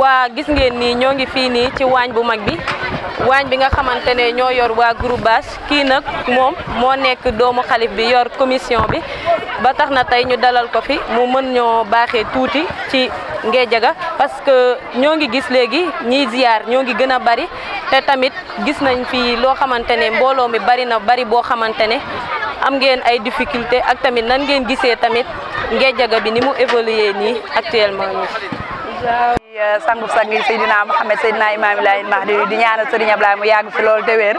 waa gis ngeen nii ñoo ngi fii nii ci waañ bu mag bi waañ bi nga xamante ne ñoo yor waa groupe bâche kii nag moom moo nekk doomu xalif bi yor commission bi ba tax na tey ñu dalal ko fi mu mën ñoo baaxee tuuti ci Ngejaga parce que ñoo ngi gis léegi ñiy ziyaar ñoo ngi gën a bari te tamit gis nañ fi loo xamante ne mbooloo mi bari na bari boo xamante ne am ngeen ay difficulté ak tamit nan ngeen gisee tamit Ngédiaga bi ni mu évolué nii actuellement nii. sangu iya, sangi Seydina Mouhamed Seydina Imam Ilahi Mahdi di ñaanal Serigne Ablaye mu yàgg fi loolu déwéer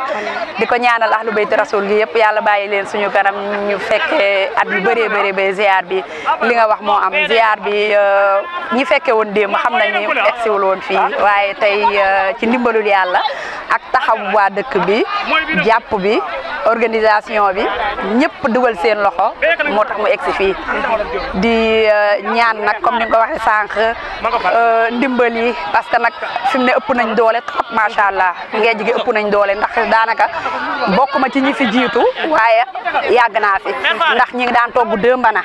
di ko ñaanal ahlu bayti rasul gi yëpp yàlla bàyyi leen suñu kanam ñu fekkee at yu bëree bëree ziar bi li nga wax am ziar bi euh, ñi fekke woon démb xam nañ ni egsiwul woon fii waaye tey euh, ci ndimbalul yàlla ak taxaw waa dëkk bi jàpp bi organisation bi ñëpp dugal seen loxo moo mu di euh, ñaan nag comme ni nga dimbali parce que nak fimne mu ëpp nañ doole trop macha allah ngeen jige ëpp nañ doole ndax daanaka bokuma ci ñi fi jitu waye yag na fi ndax ñi ngi daan togg deux mbana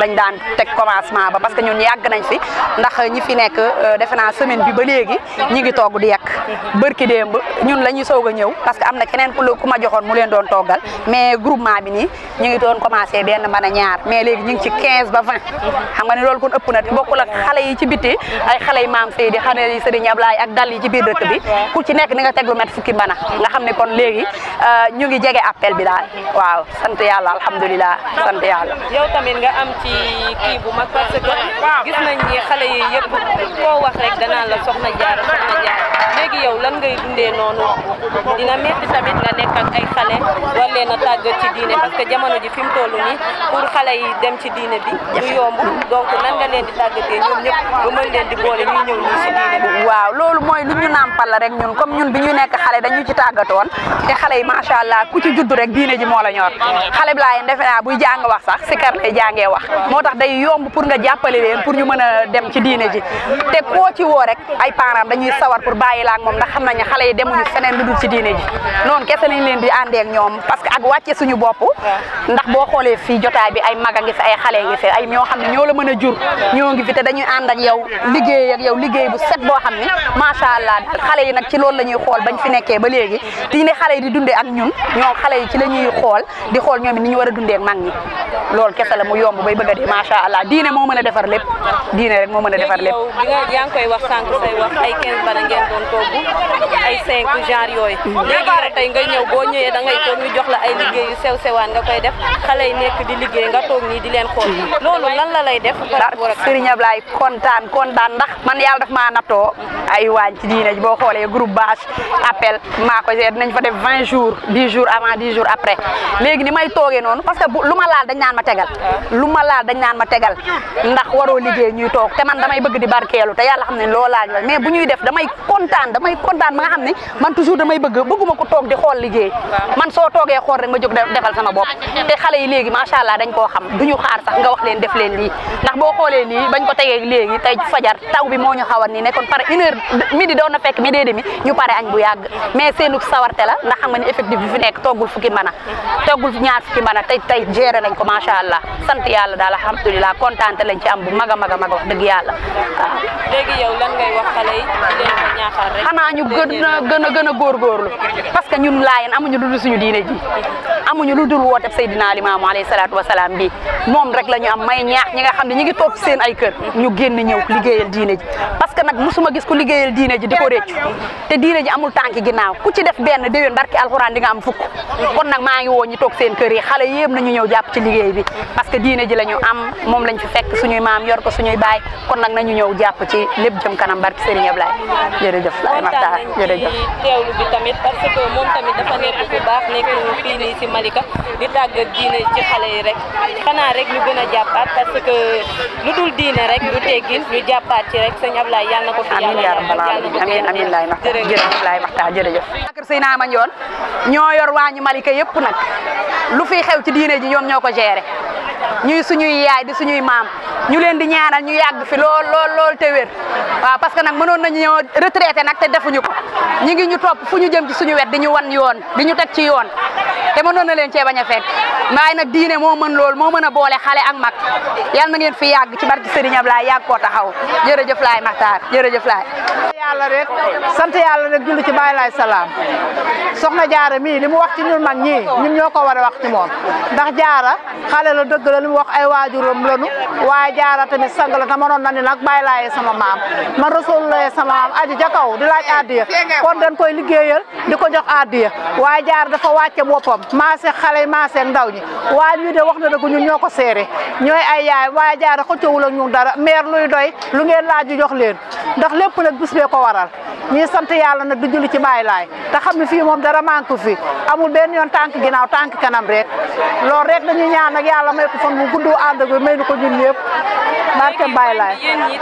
dañ daan tek commencement ba parce que ñun yag nañ fi ndax ñi fi nek euh, defena semaine bi ba legi ñi ngi togg di yak barki demb ñun la ñuy ñew parce que amna keneen ku ma joxoon mu leen doon togal mais groupement bi ni ñi ngi doon commencer ben mbana ñaar mais legi ñi ci 15 ba 20 xam nga ni lool kon ëpp na bokku la xalé yi ci biti ay xalé yi imam Seydi xane yi Serigne Ablaye ak dal ci biir dëkk bi ku ci nekk ni nga teg lu met fukki mbana nga xam ne kon léegi euh, ñu ngi jege appel bi daal waaw sant yàlla alhamdulilah sant yàlla yow tamit nga am ci kii bu mag parce que gis nañ xale yi yëpp koo wax rek danaa la soxna jaar soxna jaar léegi yow lan ngay dundee noonu dina metti tamit nga nekk ak ay xale war leen a tàggat ci diine parce que jamono ji fi mu toll nii pour xale yi dem ci diine bi du yomb donc nan nga leen di tàggatee ñoom ñëpp mën leen di boole ñuy ñëw ñii si waaw loolu mooy lu ñu nàmpal la rek ñun comme ñun bi ñu nekk xale dañu ci tàggatoon te xale yi macha allah ku ci judd rek diine ji moo la ñor xale bi laa defe naa buy jàng wax sax si kar lay jàngee wax moo tax day pour nga jàppale leen pour ñu mën a dem ci diine ji bàyyi laak mom ndax xamna nañ xalé xale yi demuñu feneen lu dul ci diiné ji non kessa nañ leen di andé ak ñom parce que ak waccé suñu bop ndax bo xolé fi jotaay bi ay maga ngi fi ay xalé ngi fi ay ño xamni ño la mëna jur ño ngi fi té dañuy and ak yow liggéey ak yow liggéey bu set bo xamni ma sha allah xalé yi nak ci loolu lañuy xol bañ fi nekké ba légui diiné xalé yi di dundé ak ñun ño xalé yi ci lañuy xol di xol ñom ni ñu wara dundé ak mag ñi loolu kese la mu yomb bay bëgg dé ma sha allah diiné moo mën a defar lépp diine rek moo mën a lépp daan togg ay cinq genre yooyu léegi tey nga ñëw da ngay toog ñu jox la ay liggéey yu sew sewaan koy def xale yi nekk nga toog nii di leen xool loolu lan la lay def Serigne Ablaye kontaan kontaan ndax man yàlla daf maa nattoo ay waañ ci diine boo xoolee groupe bâche appel ko seet nañ fa def vingt jours dix jours avant dix jours après léegi ni may toogee noonu parce que lu ma laal dañ naan ma tegal lu ma laal dañ naan ma tegal ndax waroo liggéey ñuy toog te man damay bëgg di barkeelu te yàlla xam ne loolu mais bu ñuy def damay kontaan kontaan damay kontaan ba nga xam man toujours damay bëgg bëgguma ko tok di xol liggéey man so togué xor rek ma jog defal sama bop té xalé yi léegi macha allah dañ ko xam duñu xaar sax nga wax leen def leen li ndax bo xolé ni bañ ko tegee léegi tey fajar taw bi moñu ñu ni nekkon nii 1 heure midi doon na fekk midi demi ñu paré añ bu yàgg mais seenu sawarté la ndax xam nga effectif bi fi nekk togul fukki mën togul ñaar fukki mën tay tay jéré géré nañ ko macha allah sant Yalla daal alhamdullilah kontaante lañ ci am bu maga maga maga wax deug Yalla légui yow lan ngay wax xalé yi di xanaa ñu gën a gën a gën a góorgóorlu parce que ñun laayeen amuñu lu dul suñu diine ji amuñu lu dul woote Seydina Limaamu alayhi salaatu wasalaam bi moom rek la ñu am may ñaax ñi nga xam ne ñi ngi toog seen ay kër ñu génn ñëw liggéeyal diine ji parce que nag musuma gis ku liggéeyal diine ji di ko réccu te diine ji amul tànki ginnaaw ku ci def benn déwén barki alxuraan di nga am fukk kon nag maa ngi woo ñi toog seen kër yi xale yépp nañu ñëw jàpp ci liggéey bi parce que diine ji la am moom lañ fi fekk suñuy maam yor ko suñuy baay kon nag nañu ñëw jàpp ci lépp jëm kanam barki Serigne Ablaye jërëjëf jërëjëf Baye Makhtar jërëjëf teewlu bi tamit parce que moom tamit dafa nekk bu baax nekk fii nii si Malika di tàggat diine ci xale yi rek xanaa rek ñu gën a jàppaat parce que lu dul diine rek du teggin ñu jàppaat ci rek sëñ Ablaye yàlla ko fi amiin yaa rabbal aalamiin amiin naa ma ñoon ñoo yor waañu Malika yëpp nag lu fiy xew ci diine ji ñoom ñoo ko géré ñuy suñuy yaay di suñuy maam ñu leen di ñaanal ñu yàgg fi lool lool lool te wér waaw parce que nag mënoon nañu ñëw retraité nag te defuñu ko ñu ngi ñu topp fu ñu jëm suñu wet di ñu wan yoon di ñu teg ci yoon te mënoon na leen cee bañ a fekk waaye nag diine moo mën lool moo mën a boole xale ak mag yal na ngeen fi yàgg ci barki Serigne Ablaye yàgg koo taxaw jërëjëf laay Maxtaar jërëjëf laay yàlla rek sant yàlla rek julli ci bàyyi laay salaam soxna jaara mii li mu wax ci ñun mag ñii ñun ñoo ko war a wax ci moom ndax jaara xale la dëgg la li mu wax ay waajuram lanu waaye Maam Jaara tamit sang la tama noon na ni nag bàyyi laaye sama maam man sama mam aji ca kaw di laaj adiya kon dañ koy liggeeyal di ko jox adiya wa jaar dafa bopam ma se xale ma maase ndaw ñi wa ñu de wax na ko ñun ñoko ko ñoy ay yaay waaye jaara xëccoowul ak ñu dara meer luy doy lu ngeen laaj ju jox leen ndax lepp nak bis ko waral ñi sant yalla nak du jullu ci bay laay ta xam ne fii dara manku fi amul ben yon tank ginaaw tank kanam rek loolu rek dañuy ñaan nag yalla may ko fon mu guddou and ak may ko ñun ñëpp barke Baye Laye yéen ñi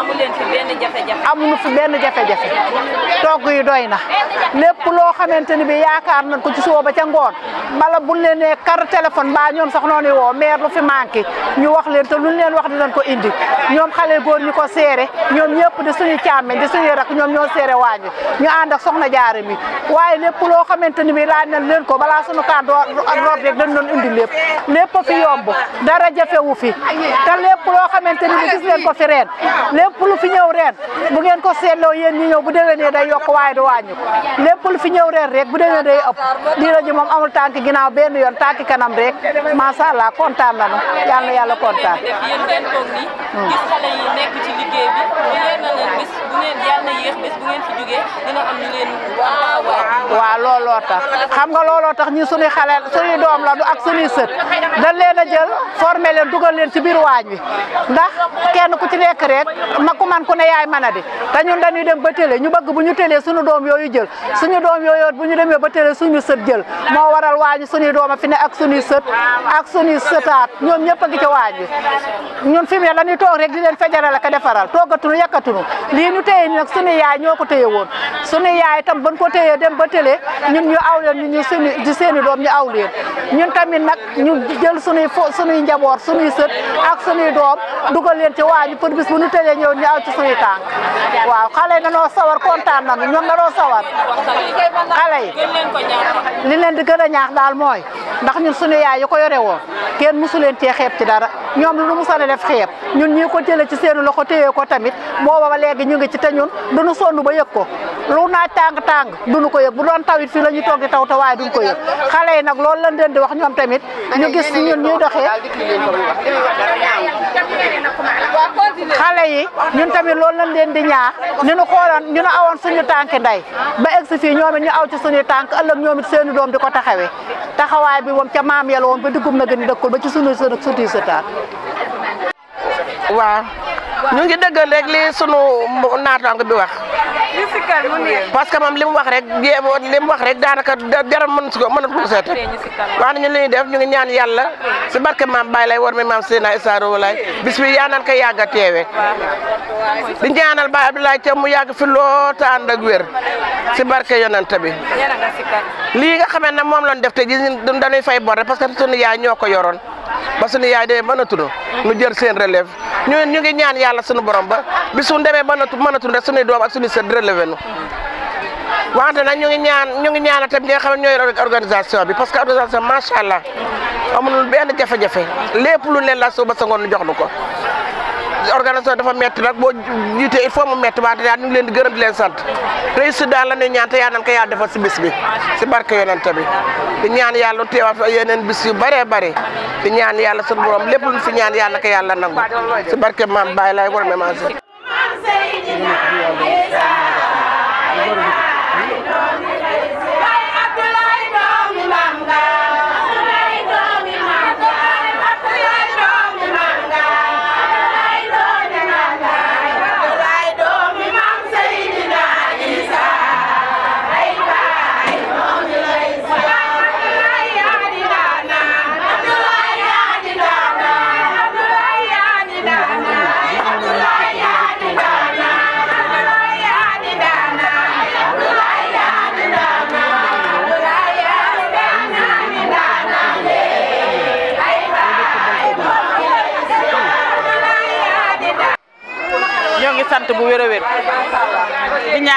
amu leen fi benn jafe-jafe. amuñu yi doy na lépp loo xamante ni bi yaakaar nañ ko ci suba ba ca ngoon bala bu leen nee kar téléphone mbaa ñoom sax noonu woo maire lu fi manqué ñu wax leen te luñ leen wax dinañ ko indi ñoom xale góor ñi ko seere ñoom ñëpp di suñu càmmeñ di suñu rak ñoom ñoo seere waañu ñu ànd ak soxna jaare mi waaye lépp loo xamante ni bi laaj nañ leen ko balaa suñu kàddu root rek dañ doon indi lépp lépp fi yomb dara jafewu fi ta lépp loo xamante ni bi gis ngeen ko fi reen lépp lu fi ñëw reen bu ngeen ko seetloo yéen ñi ñëw bu déwénee day yokk waaye du wàññi ko lépp lu fi ñëw reen rek bu de day ëpp diina ji moom amul tànk ginnaaw benn yoon tànk kanam rek macha allah kontaan nañu yàlla yàlla kontaan. ngeen looloo tax xam nga looloo tax ñi suñu xale suñu doom la du ak suñuy sët dañ leen a jël forme leen dugal leen ci biir waañ wi ndax kenn ku ci nekk rek ma ku man ku ne yaay manadi a di ñun dañuy dem ba télé ñu bëgg bu ñu télé suñu doom yooyu jël suñu doom yooyu bu ñu demee ba télé suñu sët jël moo waral waañ wi suñuy doom a ak suñuy sët ak suñuy sëtaat ñoom ñëpp a ngi ci waañ wi ñun fi mu ne dañuy toog rek di leen fejarale ka defaral toogatunu yàkkatunu téye nag sunu yaay ñoo ko téye woon sunu yaay itam ban ko téyee dem ba télé ñun ñu aw leen ñu ñu sunu di seeni doom ñu aw leen ñun tamit nag ñu jël sunuy fo sunuy njaboot sunuy sët ak sunuy doom dugal leen ci waañu pour bis bu nu tëlee ñëw ñu aw ci sunuy tànk waaw xale yi danoo sawar kontaan nañu ñoom danoo sawar xale yi li leen di gën a ñaax daal mooy ndax ñun sunu yaay yi ko yore woon kenn musu leen cee xeeb ci dara ñoom lu mu sone def xeeb ñun ñii ko jële ci seenu loxo téye ko tamit booba ba léegi ñu ngi ci te ñun duñu sonn ba yëg ko lu naaj tàng-tàng nu ko yëg bu doon tawit fii la ñuy toog di taw te waaye duñu ko yëg xale yi nag loolu lañ leen di wax ñoom tamit ñu gis ñun ñuy doxee xale yi ñun tamit loolu lañ leen di ñaax ni ñu xooloon ñu nu awoon suñu tànki ndey ba egg si fii ñoom it ñu aw ci suñuy tànk ëllëg ñoom it seeni doom di ko taxawee taxawaay bi moom ca maam yàlla woon ba diggum na gën dëkkul ba ci suñu sën ak suñuy sëtaat waaw ñu ngi dëggal rek li sunu naataango bi wax. parce que moom li mu wax rek jéem li mu wax rek daanaka dara mën su ko mënatu ko seet wax li ñuy def ñu ngi ñaan yàlla si barke maam Baye lay war mi maam Seydina Issa Rouhou Laye bis bi yaa naan ko yàgg a teewe di ñaanal Baye Abdoulaye Thiam mu yàgg fi loo ta ànd ak wér si barke yonent bi lii nga xamee ne moom lañ def te gis dañuy fay bor parce que sunu yaay ñoo ko yoroon ba suñu yaay demee mën a nu jël seen relève ñu ñu ngi ñaan yàlla suñu borom ba bi suñu demee mën a mën a tudd ak suñu sët relevé nu wante nag ñu ngi ñaan ñu ngi ñaan tamit ñi xam ne ñooy organisation bi parce que organisation macha allah amul benn jafe-jafe lépp lu leen la suba sa ngoon nu jox nu ko organisation dafa metti nag boo jiitee il faut mu metti waate daal ñu ngi leen di gërëm di leen sant réussite daal la ñuy ñaan te yaa nan ko yàlla defal si bis bi si barke yonent bi di ñaan yàlla teewaat fa yeneen bis yu bëree bëri di ñaan yàlla sunu borom lépp lu fi ñaan yàlla na yàlla nangu si barke maam Baye laay war a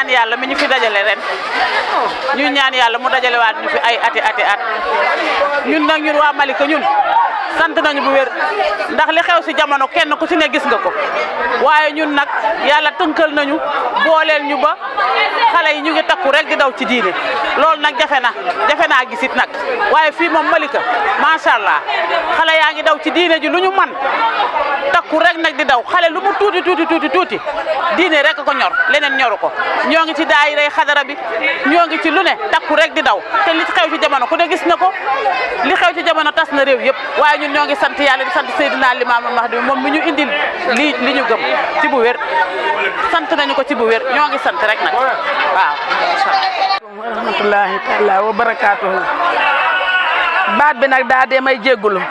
ñaan yàlla mi ñu fi dajale ren oh. ñu ñaan yàlla mu dajalewaat ñu fi ay ati ati at ñun nag ñun waa Malika ñun sant nañu bu wér ndax li xew ci jamono kenn ku ci ne gis nga ko waye ñun nak yàlla tunkal nañu bolel ñu ba xale yi ñu ngi takku rek di daw ci diine lool nak jafena jafena jafe naa gisit nag waaye fii moom Malika sha allah xale ya ngi daw ci diine ji luñu man takku rek nak di daw xale lu mu tuti tuti tuti tuti diine rek ko ñor leneen ñoru ko ñoo ci daayira xadara bi ñoo ci lu ne takku rek di daw te li xew ci jamono ku ne gis nako li xew ci jamono tas na rew yep waye ñun ñoo ngi sant yàlla di sant Seydina Limamou Mahdi moom mi ñu indil li li ñu gëm ci bu wér sant nañu ko ci bu wér ñoo ngi sant rek nag waaw wa rahmatullahi taala wa barakaatuhu baat bi nag daa dee may jéggulu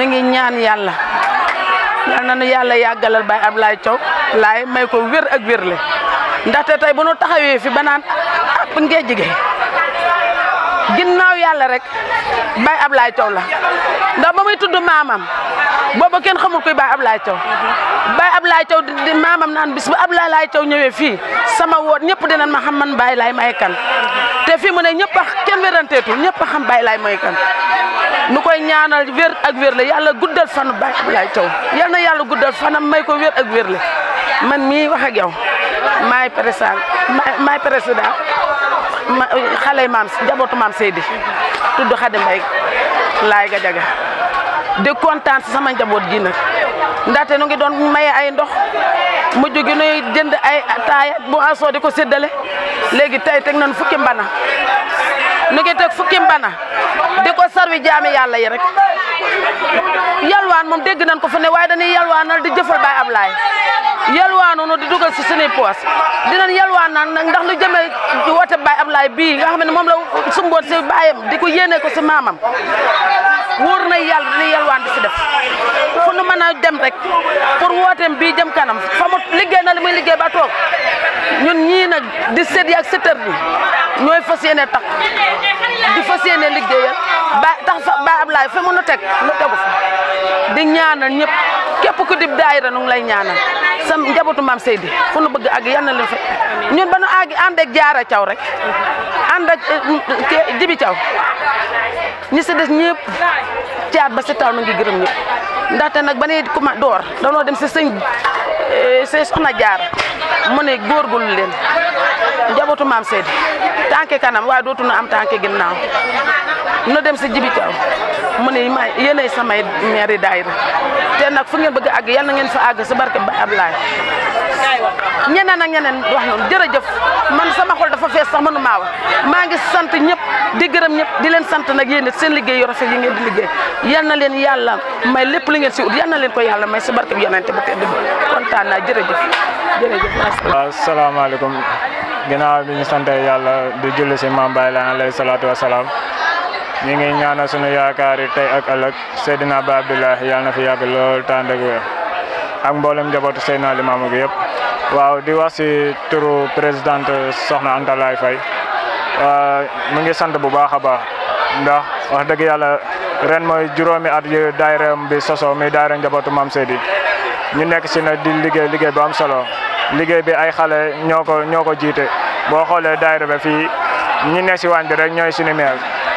ni ngi ñaan yàlla yal na nu yàlla yàggalal Baye Ablaye may ko wér ak wér le ndaxte tey bu nu taxawee fi ba naan àpp ah, ginnaaw yàlla rek Baye ablaay Thiaw la ndax ma muy tudd maamam booba kenn xamul koy Baye Ablaye Thiaw Baye Ablaye Thiaw di maamam naan bis bu Ablaye Laye Thiaw ñëwee fii sama woot ñëpp dinañ ma xam man Baye Laye may kan te fii mu ne ñëpp kenn wéranteetul ñëpp xam Baye Laye may kan nu koy ñaanal wér ak wér la yàlla guddal fanu Baye Ablaye Thiaw yal na yàlla guddal fanam may ko wér ak wér la man mii wax ak yow maay président maay président ma xale maam njabootu maam Seydi tudd Xadi Mbay laay ga jaga di kontaan sama njaboot ji nag ndaxte nu ngi doon maye ay ndox mu gi nuy jënd ay taaya bu asoo di ko séddale léegi tey teg nañ fukki mbana nu ngi teg fukki mbana di ko sarwi jaami yàlla yi rek yalwaan moom dégg nañ ko fu ne waaye dañuy yalwaanal di jëfal baay laay yalwaanu nu di dugal si suñuy poos dinañ yalwaan naan nag ndax lu jëmee woote Baye Ablaye bii nga xam ne moom la sumboot si baayam di ko yéene ko si maamam wóor na yàlla dina yalwaan di si def fu nu mën a dem rek pour wooteem bii jem kanam fa mu liggéey na li muy liggéey ba toog ñun ñii nag di sët yi ak sëtër bi ñooy fas yéene tax di fas yéene liggéeyal ba tax fa Baye Ablaye fa mu nu teg nu tegu fa di ñaana ñëpp képp ku dib daayira lay ñaanal sa njabootu maam Seydi fu nu bëgg ak yal na leen fa ñun ba nu àgg ànd ak jaara caw rek ànd ak eh, mm, jibi caw ñi si des ñëpp caat ba si taw na ngi gërëm ñëpp ndaxte nag ba ne kuma door danoo dem si sëñ eh, si soxna jaar mu ne góorgóorlu leen njabootu maam Seydi tànke kanam waaye dootu nu am tànke ginnaaw na dem si Djibi Thiaw mu ne ma yéenay samay maire yi daayira te nag fu ngeen bëgg a àgg yal na ngeen fa àgg si barke ba Ablaye ñeneen ak ñeneen wax noonu jërëjëf man sama xol dafa fees sax mënu maa maa ngi sant ñëpp di gërëm ñëpp di leen sant nag yéen seen liggéey yu rafet yi ngeen di liggéey yal na leen yàlla may lépp li ngeen si ut yal na leen ko yàlla may si barke bi yonente bu tedd kontaan naa jërëjëf jërëjëf waaw salaamaaleykum ginnaaw bi ñu sant yàlla di julli si maam Baye Laye wa salaam ñi ngi ñaanal suñu yaakaari tey ak ëllëg Seydina Ba Abdoulaye yàlla na fi yàgg ya lool tànd ak wér ak mboolem njabootu Seydina Limaamu gi yëpp waaw di wax si turu président Soxna Anta lay Fay mu ngi sant bu baax a baax ndax wax dëgg yàlla ren mooy juróomi at yu daayira bi soso mi daayira njabootu Maam Seydi ñu nekk si na di liggéey liggéey bu am solo liggéey bi ay xale ñoo ko ñoo ko jiite boo xoolee daayira ba fii ñi nekk si waañ rek ñooy suñu meel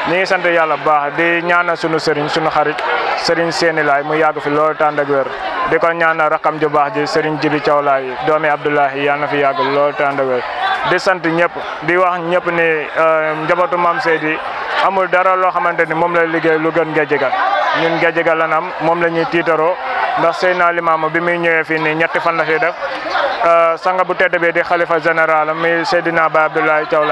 ni sante yalla yàlla di ñaanal sunu serigne sunu xarit serigne seeni laay mu yag fi lo tan dag wer di ko ñaanal rakam ju baax ji serigne jibi caw laay doomi abdoulahi ya na fi yag lo tan dag wer di sante ñep di wax ñep ni euh, njabootu mam Seydi amul dara lo xamanteni ni moom la liggéey lu gën Ngédiaga ñun Ngédiaga la nam moom la ndax seyna Limaamu bi mi ñëwé fi ni ñetti fan la fi def euh, sanga bu tedd be di khalifa general mi Seydina ba abdullah Thiaw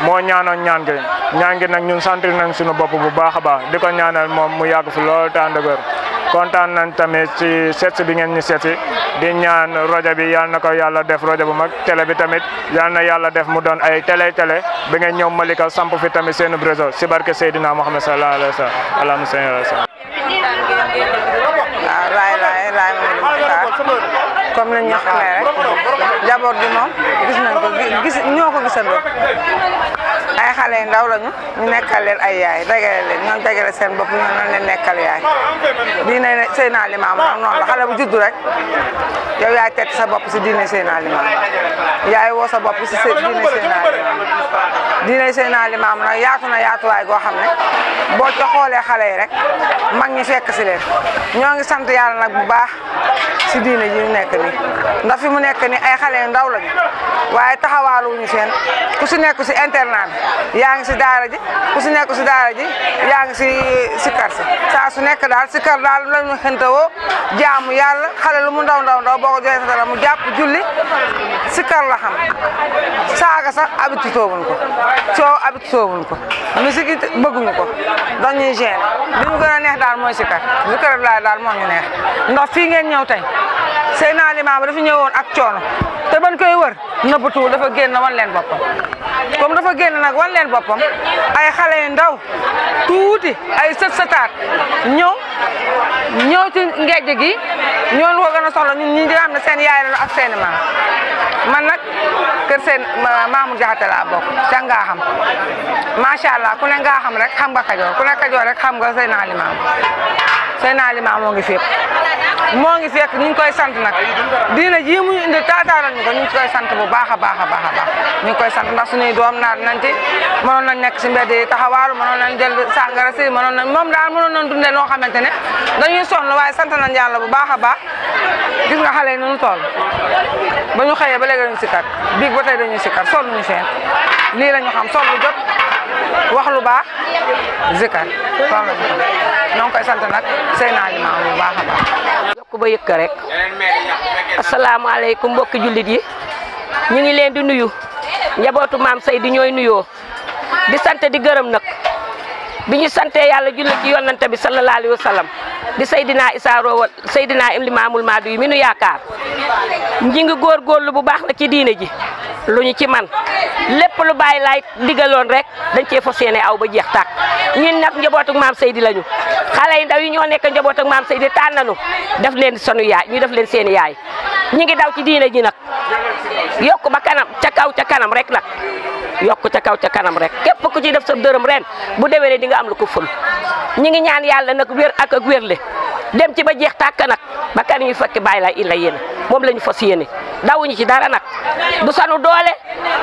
moo ñaanoon ñaan gi ñaan gi nag ñun sentir nañ suñu bopp bu baax a baax di ko ñaanal moom mu yàgg fi lool te ànd ak kontaan nañ tamit ci seetsi bi ngeen ñu seetsi di ñaan rajo bi yal na ko yàlla def rajo bu mag télé bi tamit yal na yàlla def mu doon ay télé télé bi ngeen ñëw Malika samp fi tamit seen réseau si barke Seydina Mohamed sallallahu alayhi wa sallam alhamdulilah. waaw comme ni ñu xamee rek jaboot bi moom gis nañ ko gis ñoo ko gisandoo. ay xale yu ndaw lañu ñu nekkal leen ayaay yaay dagale leen ñoom dagale seen bopp ñoo noonu leen nekkal yaay diine Seydina Limaamu nag noonu la xale bu juddu rek yow yaay teg sa bopp si diine Seydina Limaamu yaay woo sa bopp si diine Seydina Limaamu diine Seydina Limaamu nag yaatu na yaatuwaay goo xam ne boo ca xoolee xale yi rek mag ñi fekk si leen ñoo ngi sant yàlla nag bu baax si diine ji ñu nekk nii ndax fi mu nekk ni ay xale yu ndaw lañu waaye taxawaaluñu seen ku nekk si internat bi yaa ngi si daara ji ku si nekk si daara ji yaa ngi si si si saa su nekk daal si kar daal lañu xëntawoo jaamu yàlla xale lu mu ndaw ndaw ndaw boo ko joxee sa dara mu jàpp julli si kar la xam saaga sax habitude toobuñ ko coow habitude toobuñ ko musique it bëgguñu ko dañuy gêné li ñu gën a neex daal mooy si kar si kar bi daal moo ñu neex ndax fii ngeen ñëw tey seen aliments ba dafa ñëwoon ak coono te ban koy wër nëbbatu dafa génn wan leen boppam comme dafa génn nag wan leen boppam ay xale yu ndaw tuuti ay sët sëtaat ñëw ñëw ci ngej gi ñoonu ko gën a soxla ñun ñi nga xam ne seen yaay la ak seen man nag kër seen Maamu Jaxate laa bokk ca ngaa xam macha allah ku ne ngaa xam rek xam nga kajoor ku ne kajoor rek xam nga seen alimaam Seydina Limaamu moo ngi fépp moo ngi fekk ñu ngi koy sant nag diina jii mu ñu indi taataaral ñu ko ñu ngi koy sant bu baax baax a baax a baax ñu ngi koy sant ndax suñuy doom naan nañ ci mënoon nañ nekk si mbedd yi taxawaaru mënoon nañ jël sàngara si mënoon nañ moom daal mënoon nañ dundee loo xamante ne dañuy soxla waaye sant nañ yàlla bu baax a baax gis nga xale yi nunu toll ba ñu xëyee ba léegi dañu si kat biig ba tey dañuy si kat sol ñu feen lii la ñu xam jot wax lu baax zikar fama ñoo ngi koy sant nag seen ba yëkk rek asalaamaaleykum mbokki jullit yi ñu ngi leen di nuyu njabootu maam di ñooy nuyoo di sant di gërëm nag bi ñu sante yàlla julli ci yonante bi sallallahu alayhi wa sallam di Seydina Issa Rohou naa Limaamul Mahdi yi mi nu yaakaar ñi ngi góorgóorlu bu baax na ci diine ji lu ñu ci man lépp lu bàyyi laay digaloon rek dañ cee fas yéene aw ba jeex tàkk ñun nag njabootuk maam Seydi lañu xale yi ndaw yi ñoo nekk njabootuk maam sey di nañu def leen sunu yaay ñu def leen seeni yaay ñi ngi daw ci diine ji nag yokk ba kanam ca kaw ca kanam rek nag yokk ca kaw ca kanam rek képp ku ci def sa dërëm ren bu déwénee di nga am lu ko ful ñi ngi ñaan yàlla nag wér ak ak wérle dem ci ba jeex tàkk nag ba kan ñu fekk bàyyi la illa yéen moom la ñu fas yéene dawuñu ci dara nag du sanu doole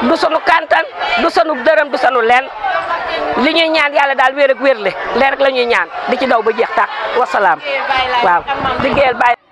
du sanu kantan du sanu dërëm du sanu leen li ñuy ñaan yàlla daal wér ak wérle le rek la ñuy ñaan di ci daw ba jeex tàkk wasalaam waaw liggéeyal bàyyi